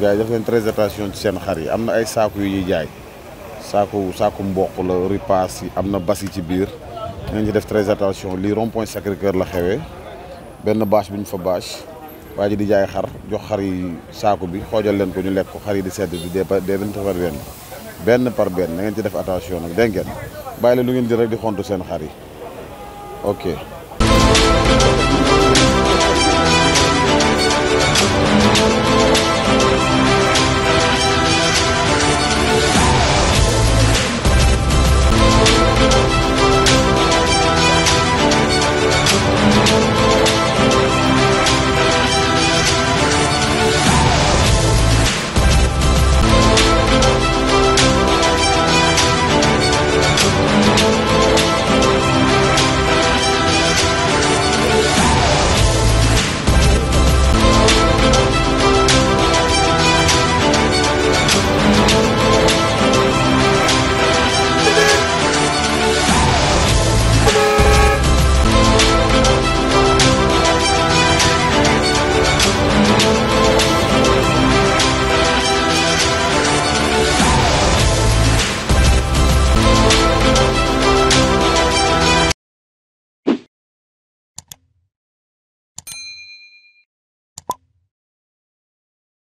gars yi def leen très attention ci seen xar yi am na ay saaku yu ñuy jaay saaku saaku mboq la ripaas yi am na basi ci biir nañ ci def très attention lii rond point Sacré Cœur la xewee benn bâche bi ñu fa bâche waa ji di jaay xar jox xar yi saaku bi xoojal leen ko ñu lekk ko xar yi di sedd di dee par benn benn par benn na ngeen ci def attention nag dégg ngeen bàyyi la lu ngeen jël rek di xontu seen xar yi ok.